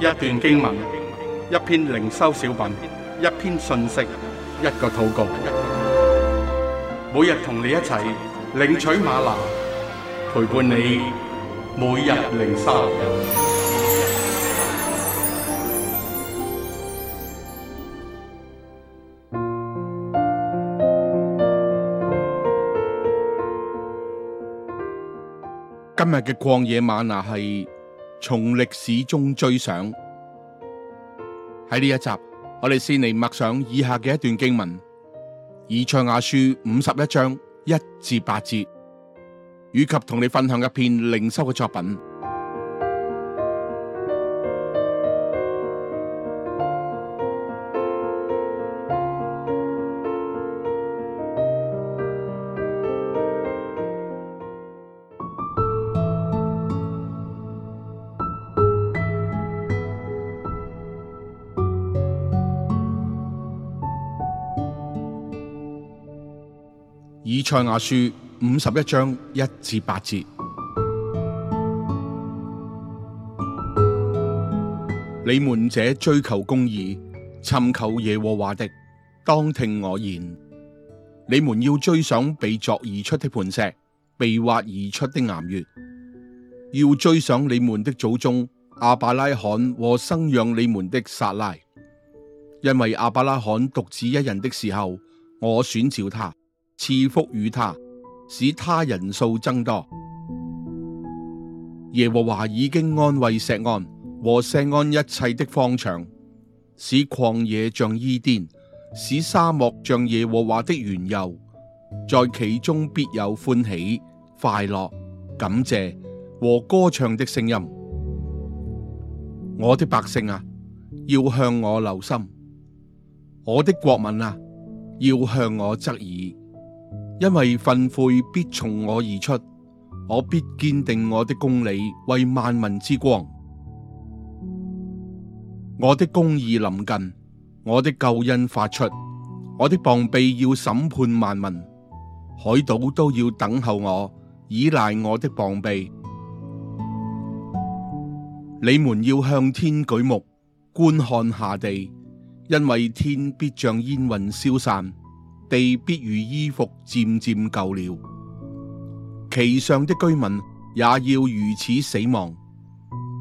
一段經文，一篇靈修小品，一篇信息，一個禱告。每日同你一齊領取嗎哪，陪伴你每日靈修。今日嘅曠野嗎哪係，從歷史中追想。喺呢一集，我哋先嚟默想以下嘅一段經文，以賽亞書五十一章一至八節，以及同你分享一篇靈修嘅作品。以賽亞書五十一章一至八節：你們這追求公義、尋求耶和華的，當聽我言。你們要追想被鑿而出的磐石，被挖而出的岩穴；要追想你們的祖宗亞伯拉罕和生養你們的撒拉，因為亞伯拉罕獨自一人的時候，我選召他。賜福與他，使他人數增多。耶和華已經安慰錫安和錫安一切的荒場，使曠野像伊甸，使沙漠像耶和華的園囿。在其中必有歡喜、快樂、感謝和歌唱的聲音。我的百姓啊，要向我留心；我的國民啊，要向我側耳。因為訓誨必從我而出，我必堅定我的公理為萬民之光。我的公義臨近，我的救恩發出，我的膀臂要審判萬民，海島都要等候我，依賴我的膀臂。你們要向天舉目，觀看下地，因為天必像煙雲消散。地必如衣服漸漸舊了，其上的居民也要如此死亡。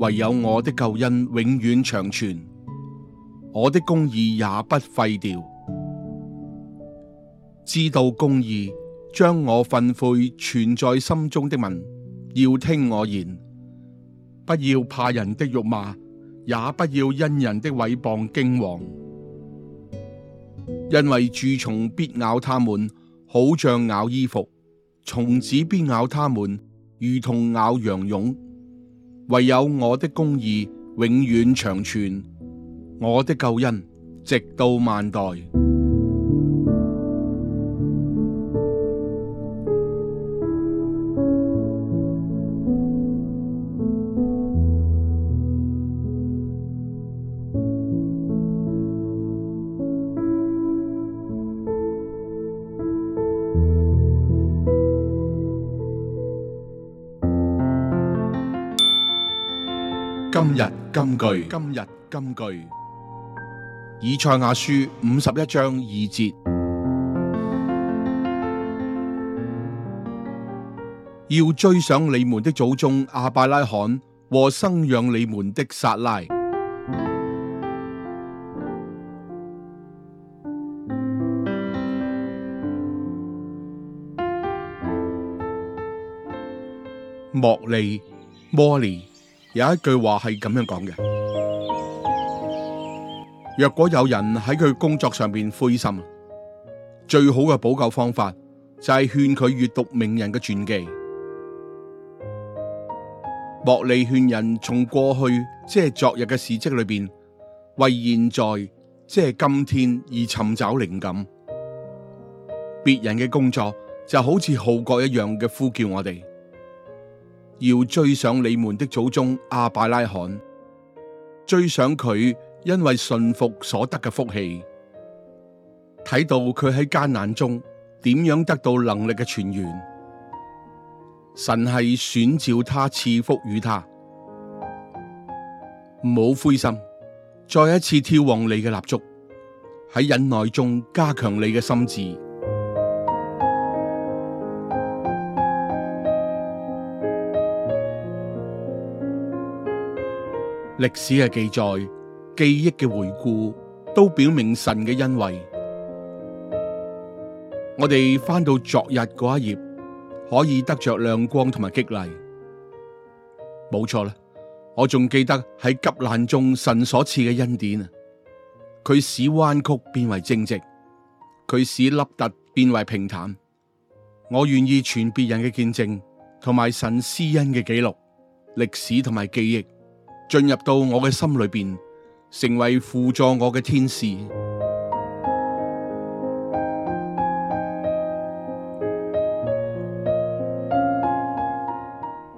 唯有我的救恩永遠長存，我的公義也不廢掉。知道公義，將我訓誨存在心中的民，要聽我言，不要怕人的辱罵，也不要因人的毀謗驚惶。因為蛀蟲必咬他們，好像咬衣服；蟲子必咬他們，如同咬羊絨。唯有我的公義永遠長存，我的救恩直到萬代。今日金句。今日金句。以賽亞書五十一章二節，要追想你們的祖宗亞伯拉罕和生養你們的撒拉。莫利，莫利。有一句話係噉樣講嘅，若果有人喺佢工作上面灰心，最好嘅補救方法就係勸佢閱讀名人嘅傳記。莫利勸人從過去，即、就係昨日嘅事跡裏面，為現在，即、就係今天而尋找靈感。別人嘅工作就好似號角一樣嘅呼叫我哋。要追上你們的祖宗阿伯拉罕，追上佢，因為信服所得嘅福氣，睇到佢喺艱難中點樣得到能力嘅泉源。神係選召他，他，賜福於他。唔好灰心，再一次眺望你嘅蠟燭，喺忍耐中加強你嘅心智。歷史嘅記載、記憶嘅回顧，都表明神嘅恩惠。我哋翻到昨日嗰一頁，可以得着亮光同埋激勵。冇錯啦，我仲記得喺急難中神所賜嘅恩典啊！佢使彎曲變為正直，佢使凹凸變為平坦。我願意傳別人嘅見證，同埋神施恩嘅記錄、歷史同埋記憶。進入到我嘅心裏邊，成為輔助我嘅天使。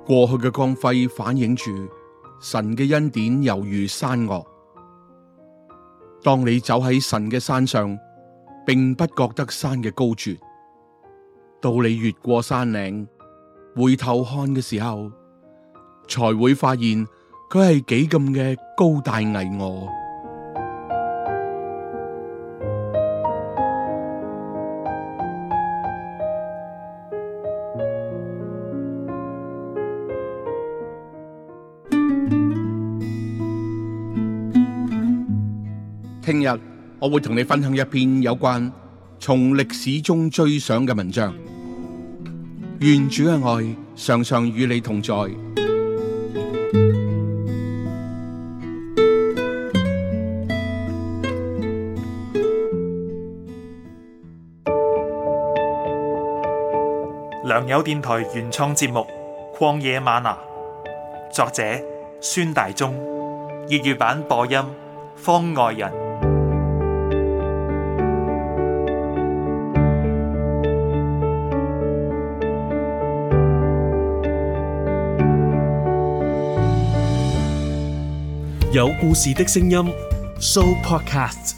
過去嘅光輝反映住神嘅恩典，猶如山岳。當你走喺神嘅山上，並不覺得山嘅高絕，到你越過山嶺回頭看嘅時候，才會發現。佢係幾咁嘅高大巍峨。聽日我會同你分享一篇有關從歷史中追想嘅文章。願主嘅愛常常與你同在。良友電台原創節目《曠野嗎哪》，作者孫大中，粵語版播音方外人，有故事的聲音 Show Podcast。